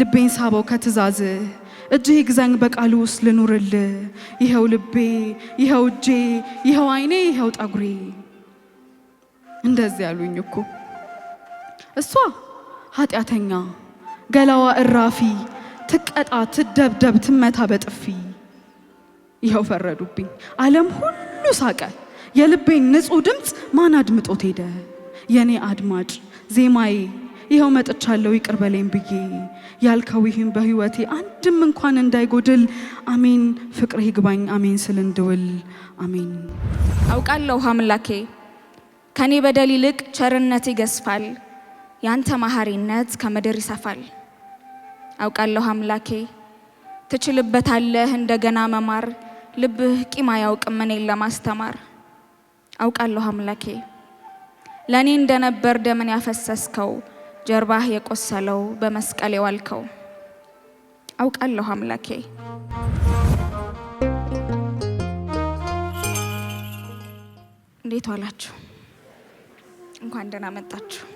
ልቤን ሳበው ከትእዛዝ እጅህ ግዛኝ በቃሉ ውስጥ ልኑርል። ይኸው ልቤ፣ ይኸው እጄ፣ ይኸው አይኔ፣ ይኸው ጠጉሬ። እንደዚህ ያሉኝ እኮ እሷ ኃጢአተኛ ገላዋ እራፊ፣ ትቀጣ፣ ትደብደብ፣ ትመታ በጥፊ። ይኸው ፈረዱብኝ፣ ዓለም ሁሉ ሳቀ። የልቤን ንጹህ ድምፅ ማን አድምጦት ሄደ? የእኔ አድማጭ ዜማዬ ይኸው መጥቻለሁ ይቅር በለኝ ብዬ ያልከው ይህም በህይወቴ አንድም እንኳን እንዳይጎድል አሜን። ፍቅር ይግባኝ አሜን ስል እንድውል አሜን። አውቃለሁ አምላኬ ከኔ በደል ይልቅ ቸርነት ይገዝፋል፣ ያንተ ማሐሪነት ከምድር ይሰፋል። አውቃለሁ አምላኬ ትችልበታለህ እንደገና መማር ልብህ ቂም አያውቅም እኔን ለማስተማር። አውቃለሁ አምላኬ ለእኔ እንደነበር ደምን ያፈሰስከው ጀርባህ የቆሰለው በመስቀል የዋልከው አውቃለሁ አምላኬ። እንዴት ዋላችሁ? እንኳን ደህና መጣችሁ።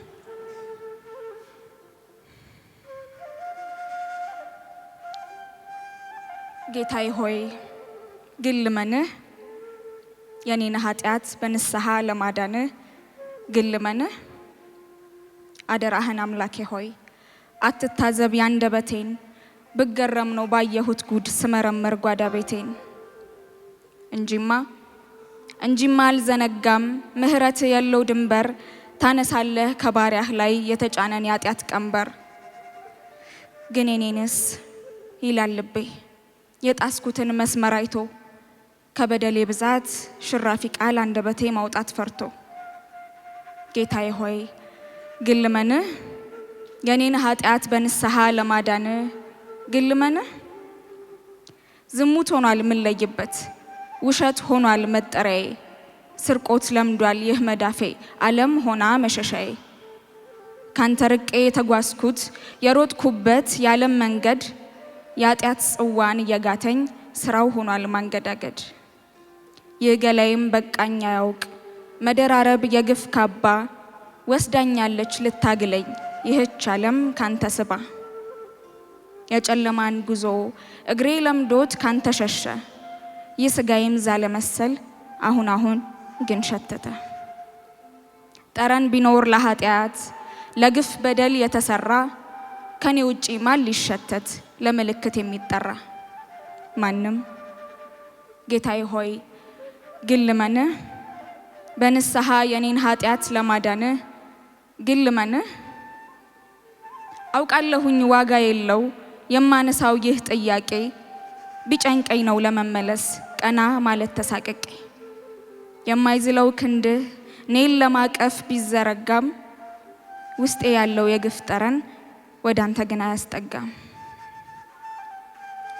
ጌታዬ ሆይ ግን ልመንህ የኔን ኃጢአት በንስሐ ለማዳንህ ግን ልመንህ አደራህን አምላኬ ሆይ አትታዘብ ያንደበቴን፣ ብገረም ነው ባየሁት ጉድ ስመረመር ጓዳ ቤቴን። እንጂማ እንጂማ አልዘነጋም ምህረት የለው ድንበር፣ ታነሳለህ ከባሪያህ ላይ የተጫነን የኃጢአት ቀንበር። ግን እኔንስ ይላል ልቤ የጣስኩትን መስመር አይቶ ከበደሌ ብዛት ሽራፊ ቃል አንደበቴ ማውጣት ፈርቶ ጌታዬ ሆይ ግልመን የኔን ኃጢአት በንስሐ ለማዳን ግልመን ዝሙት ሆኗል የምንለይበት፣ ውሸት ሆኗል መጠሪያዬ፣ ስርቆት ለምዷል ይህ መዳፌ፣ ዓለም ሆና መሸሻዬ። ካንተ ርቄ የተጓዝኩት የሮጥኩበት የዓለም መንገድ የኃጢአት ጽዋን እየጋተኝ ስራው ሆኗል ማንገዳገድ። ይህ ገላይም በቃኝ አያውቅ መደራረብ የግፍ ካባ ወስዳኛለች ልታግለኝ ይህች ዓለም ካንተ ስባ የጨለማን ጉዞ እግሬ ለምዶት ካንተ ሸሸ ይህ ስጋዬም ዛለ መሰል አሁን አሁን ግን ሸተተ ጠረን ቢኖር ለኃጢአት ለግፍ በደል የተሰራ ከኔ ውጪ ማን ሊሸተት ለምልክት የሚጠራ ማንም ጌታዬ ሆይ ግን ልመንህ በንስሐ የኔን ኃጢአት ለማዳንህ ግን ልመንህ አውቃለሁኝ ዋጋ የለው የማነሳው ይህ ጥያቄ ቢጨንቀኝ ነው ለመመለስ ቀና ማለት ተሳቀቄ የማይዝለው ክንድህ እኔን ለማቀፍ ቢዘረጋም ውስጤ ያለው የግፍ ጠረን ወደ አንተ ግን አያስጠጋም።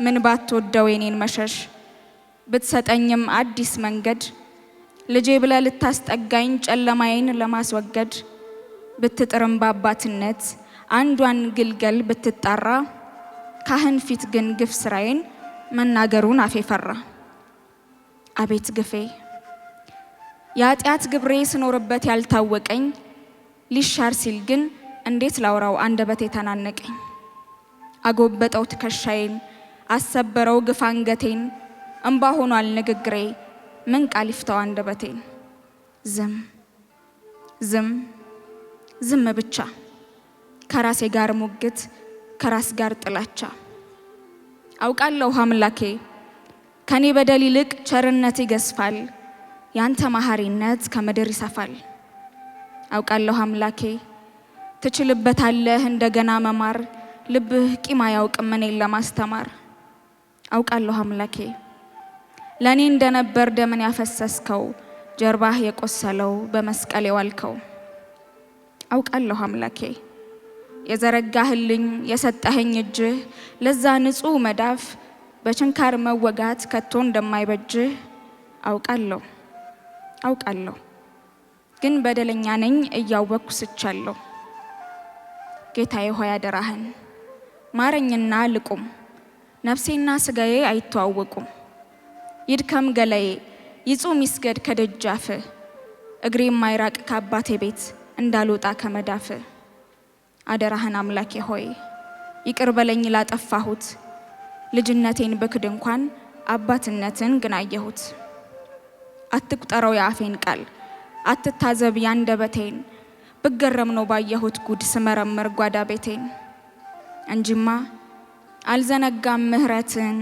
ምን ባትወደው የኔን መሸሽ ብትሰጠኝም አዲስ መንገድ ልጄ ብለህ ልታስጠጋኝ ጨለማዬን ለማስወገድ ብትጥርም በአባትነት አንዷን ግልገል ብትጣራ ካህን ፊት ግን ግፍ ስራዬን መናገሩን አፌ ፈራ። አቤት ግፌ የኃጢአት ግብሬ ስኖርበት ያልታወቀኝ ሊሻር ሲል ግን እንዴት ላውራው አንደበት ተናነቀኝ? አጎበጠው ትከሻዬን አሰበረው ግፍ አንገቴን እምባ ሆኗል ንግግሬ ምን ቃል ይፍታው አንደበቴን ዝም ዝም ዝም ብቻ፣ ከራሴ ጋር ሙግት፣ ከራስ ጋር ጥላቻ። አውቃለሁ አምላኬ ከኔ በደል ይልቅ ቸርነት ይገዝፋል፣ ያንተ መሐሪነት ከምድር ይሰፋል። አውቃለሁ አምላኬ ትችልበታለህ እንደገና መማር፣ ልብህ ቂም አያውቅም እኔን ለማስተማር። አውቃለሁ አምላኬ ለእኔ እንደነበር ደምን ያፈሰስከው ጀርባህ የቆሰለው በመስቀል የዋልከው አውቃለሁ አምላኬ የዘረጋህልኝ የሰጠኸኝ እጅህ ለዛ ንጹህ መዳፍ በችንካር መወጋት ከቶ እንደማይበጅህ አውቃለሁ አውቃለሁ ግን በደለኛ ነኝ እያወቅኩ ስቻለሁ። ጌታዬ ሆይ አደራህን ማረኝና ልቁም፣ ነፍሴና ስጋዬ አይተዋወቁም። ይድከም ገላዬ ይጹም ይስገድ ከደጃፍህ፣ እግሬ የማይራቅ ከአባቴ ቤት እንዳልወጣ ከመዳፍ አደራህን አምላኬ ሆይ ይቅር በለኝ ላጠፋሁት። ልጅነቴን ብክድ እንኳን አባትነትን ግን አየሁት። አትቁጠረው የአፌን ቃል አትታዘብ ያንደበቴን። ብገረም ነው ባየሁት ጉድ ስመረምር ጓዳ ቤቴን። እንጂማ አልዘነጋም ምህረትን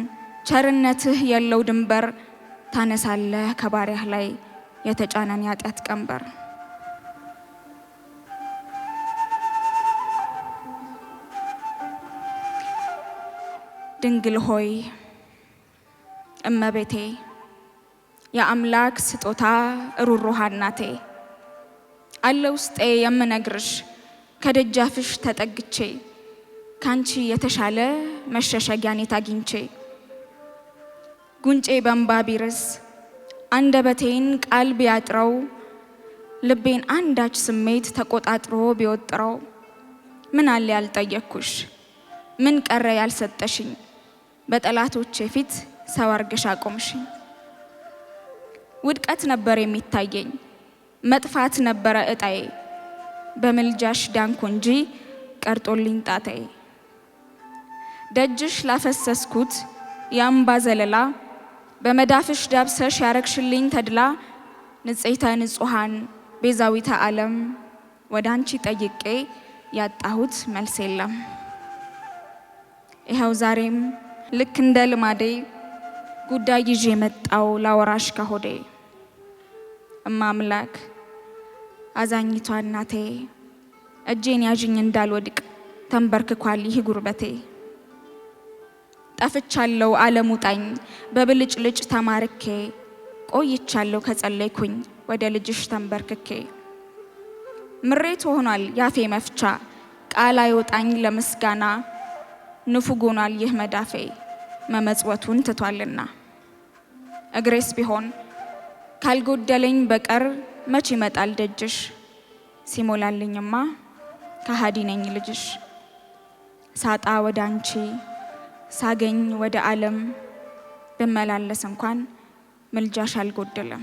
ቸርነትህ የለው ድንበር ታነሳለህ ከባሪያህ ላይ የተጫነን ያጢአት ቀንበር ድንግል ሆይ እመቤቴ የአምላክ ስጦታ ሩሩሃ እናቴ አለ ውስጤ የምነግርሽ ከደጃፍሽ ተጠግቼ ካንቺ የተሻለ መሸሸጊያን አግኝቼ ጉንጬ በእንባ ቢርስ አንደበቴን ቃል ቢያጥረው ልቤን አንዳች ስሜት ተቆጣጥሮ ቢወጥረው ምን አለ ያልጠየቅኩሽ ምን ቀረ ያልሰጠሽኝ በጠላቶቼ ፊት ሰው አርገሽ አቆምሽኝ። ውድቀት ነበር የሚታየኝ፣ መጥፋት ነበረ እጣዬ። በምልጃሽ ዳንኩ እንጂ ቀርጦልኝ ጣታዬ። ደጅሽ ላፈሰስኩት የአምባ ዘለላ በመዳፍሽ ዳብሰሽ ያረግሽልኝ ተድላ ንጽሕተ ንጹሐን ቤዛዊተ ዓለም ወደ አንቺ ጠይቄ ያጣሁት መልስ የለም። ይኸው ዛሬም ልክ እንደ ልማዴ ጉዳይ ይዤ የመጣው ላወራሽ ከሆዴ እማምላክ አዛኝቷ እናቴ እጄን ያዥኝ እንዳልወድቅ ተንበርክኳል ይህ ጉርበቴ። ጠፍቻለሁ ዓለሙ ጣኝ በብልጭልጭ ተማርኬ ቆይቻለሁ ከጸለይኩኝ ወደ ልጅሽ ተንበርክኬ። ምሬት ሆኗል ያፌ መፍቻ ቃል አይወጣኝ ለምስጋና ንፉግ ሆኗል ይህ መዳፌ መመጽወቱን ትቷልና እግሬስ ቢሆን ካልጎደለኝ በቀር መች ይመጣል ደጅሽ? ሲሞላልኝማ ከሃዲ ነኝ ልጅሽ። ሳጣ ወደ አንቺ ሳገኝ ወደ ዓለም ብመላለስ እንኳን ምልጃሽ አልጎደለም።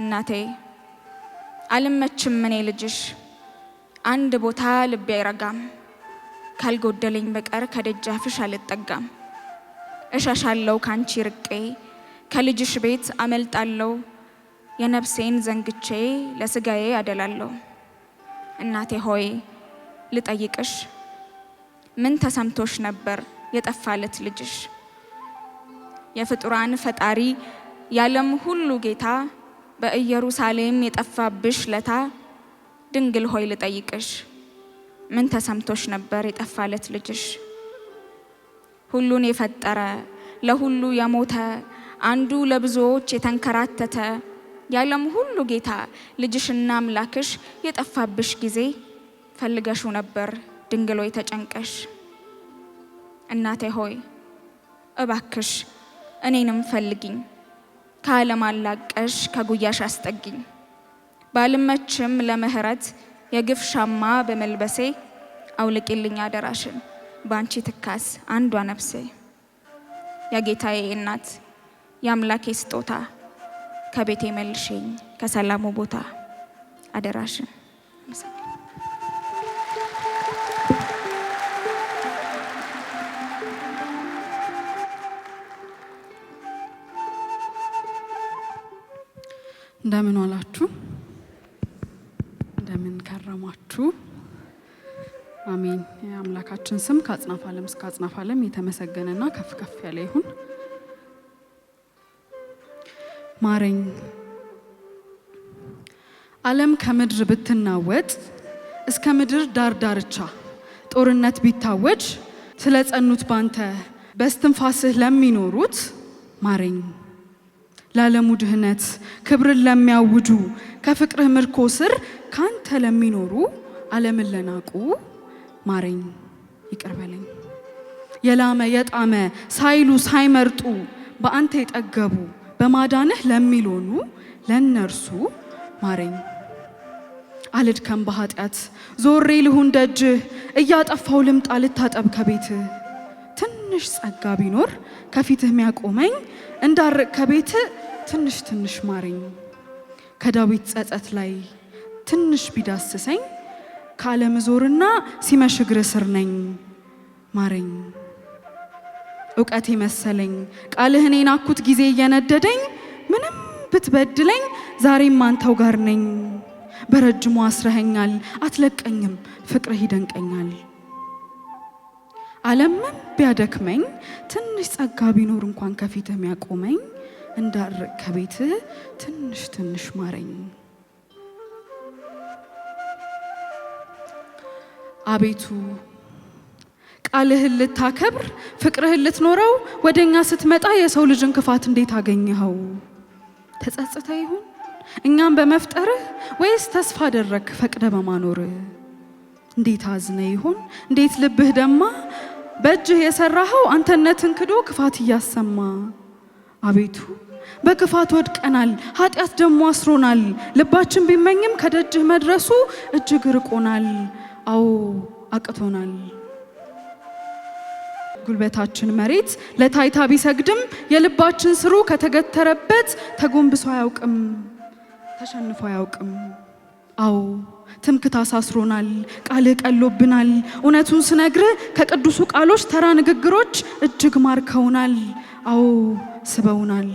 እናቴ አልመችም እኔ ልጅሽ፣ አንድ ቦታ ልቤ አይረጋም። ካልጎደለኝ በቀር ከደጃፍሽ አልጠጋም። እሸሻለሁ ካንቺ ርቄ ከልጅሽ ቤት አመልጣለው የነፍሴን ዘንግቼ ለስጋዬ አደላለሁ። እናቴ ሆይ ልጠይቅሽ፣ ምን ተሰምቶሽ ነበር የጠፋለት ልጅሽ? የፍጡራን ፈጣሪ የዓለም ሁሉ ጌታ በኢየሩሳሌም የጠፋብሽ ለታ ድንግል ሆይ ልጠይቅሽ፣ ምን ተሰምቶሽ ነበር የጠፋለት ልጅሽ? ሁሉን የፈጠረ ለሁሉ የሞተ አንዱ ለብዙዎች የተንከራተተ የዓለም ሁሉ ጌታ ልጅሽና አምላክሽ የጠፋብሽ ጊዜ ፈልገሹ ነበር ድንግሎ የተጨንቀሽ ተጨንቀሽ። እናቴ ሆይ እባክሽ እኔንም ፈልግኝ ከዓለም አላቀሽ ከጉያሽ አስጠጊኝ። ባልመችም ለምህረት የግፍ ሻማ በመልበሴ አውልቂልኝ አደራሽን። በአንቺ ትካስ አንዷ ነፍሴ የጌታዬ እናት የአምላኬ ስጦታ ከቤቴ መልሽኝ ከሰላሙ ቦታ አደራሽን እንደምን ዋላችሁ? እንደምን ከረማችሁ? አሜን። የአምላካችን ስም ከአጽናፍ ዓለም እስከ አጽናፍ ዓለም የተመሰገነና ከፍ ከፍ ያለ ይሁን። ማረኝ። ዓለም ከምድር ብትናወጥ እስከ ምድር ዳር ዳርቻ ጦርነት ቢታወጅ ስለ ጸኑት ባንተ በስትንፋስህ ለሚኖሩት ማረኝ። ለዓለሙ ድህነት ክብርን ለሚያውጁ ከፍቅርህ ምርኮ ስር ካንተ ለሚኖሩ ዓለምን ለናቁ ማረኝ ይቅር የላመ የጣመ ሳይሉ ሳይመርጡ በአንተ የጠገቡ በማዳንህ ለሚሎኑ ለነርሱ ማረኝ። አልድከም በኃጢአት ዞሬ ልሁን ደጅህ እያጠፋው ልምጣ ልታጠብ ከቤትህ ትንሽ ጸጋ ቢኖር ከፊትህ ሚያቆመኝ እንዳርቅ ከቤት ትንሽ ትንሽ ማረኝ። ከዳዊት ጸጸት ላይ ትንሽ ቢዳስሰኝ ካለመዞርና ሲመሽ እግር ስር ነኝ ማረኝ። እውቀቴ መሰለኝ ቃልህን የናኩት ጊዜ እየነደደኝ ምንም ብትበድለኝ ዛሬም አንተው ጋር ነኝ። በረጅሙ አስረኸኛል አትለቀኝም፣ ፍቅርህ ይደንቀኛል። ዓለምም ቢያደክመኝ ትንሽ ጸጋ ቢኖር እንኳን ከፊት የሚያቆመኝ እንዳርቅ ከቤት ትንሽ ትንሽ ማረኝ። አቤቱ ቃልህን ልታከብር ፍቅርህን ልትኖረው ወደ እኛ ስትመጣ የሰው ልጅ እንክፋት እንዴት አገኘኸው? ተጸጽተ ይሁን እኛም በመፍጠርህ ወይስ ተስፋ አደረግ ፈቅደ በማኖርህ? እንዴት አዝነ ይሆን እንዴት ልብህ ደማ በእጅህ የሰራኸው አንተነትን ክዶ ክፋት እያሰማ አቤቱ በክፋት ወድቀናል፣ ኃጢአት ደሞ አስሮናል። ልባችን ቢመኝም ከደጅህ መድረሱ እጅግ ርቆናል። አዎ አቅቶናል። ጉልበታችን መሬት ለታይታ ቢሰግድም የልባችን ስሩ ከተገተረበት ተጎንብሶ አያውቅም፣ ተሸንፎ አያውቅም። አዎ ትምክት አሳስሮናል፣ ቃልህ ቀሎብናል። እውነቱን ስነግርህ ከቅዱሱ ቃሎች ተራ ንግግሮች እጅግ ማርከውናል። አዎ ስበውናል።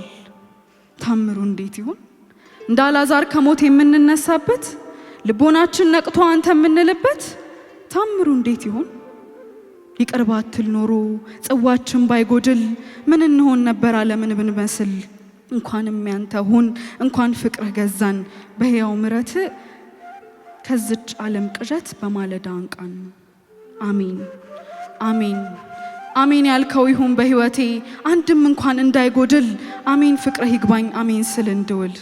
ታምሩ እንዴት ይሆን እንደ ከሞት የምንነሳበት ልቦናችን ነቅቶ አንተ የምንልበት ታምሩ እንዴት ይሆን? ይቅር ባትል ኖሮ ጽዋችን ባይጎድል ምን እንሆን ነበር ዓለምን ብንመስል። እንኳንም ያንተ ሁን እንኳን ፍቅርህ ገዛን በሕያው ምረት ከዝች ዓለም ቅዠት በማለዳ አንቃን። አሜን አሜን አሜን ያልከው ይሁን በሕይወቴ አንድም እንኳን እንዳይጎድል አሜን ፍቅርህ ይግባኝ አሜን ስል እንድውል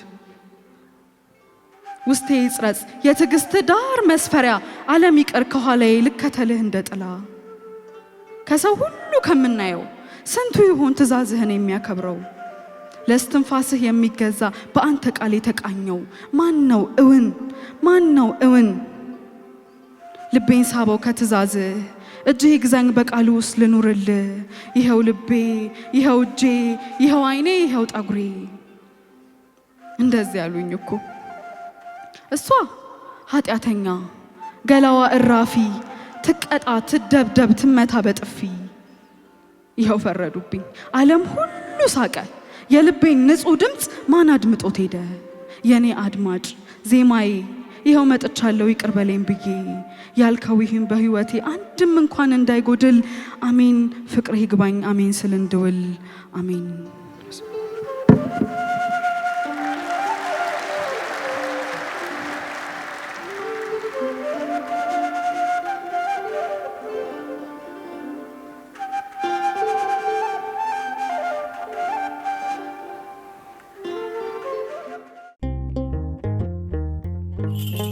ውስጤ ይጽረጽ የትዕግስት ዳር መስፈሪያ ዓለም ይቅር ከኋላዬ ልከተልህ እንደ ጥላ። ከሰው ሁሉ ከምናየው ስንቱ ይሆን ትእዛዝህን የሚያከብረው? ለስትንፋስህ የሚገዛ በአንተ ቃል የተቃኘው ማን ነው እውን? ማን ነው እውን? ልቤን ሳበው ከትእዛዝህ እጅህ ይግዛኝ በቃሉ ውስጥ ልኑርልህ። ይኸው ልቤ፣ ይኸው እጄ፣ ይኸው አይኔ ይኸው ጠጉሬ እንደዚህ ያሉኝ እኮ እሷ ኃጢአተኛ ገላዋ እራፊ ትቀጣ፣ ትደብደብ፣ ትመታ በጥፊ። ይኸው ፈረዱብኝ። ዓለም ሁሉ ሳቀ። የልቤን ንጹሕ ድምፅ ማን አድምጦት ሄደ? የእኔ አድማጭ ዜማዬ ይኸው መጥቻለሁ ይቅር በለኝ ብዬ ያልከው ይህም በሕይወቴ አንድም እንኳን እንዳይጎድል አሜን ፍቅር ይግባኝ አሜን ስል እንድውል አሜን Thank you.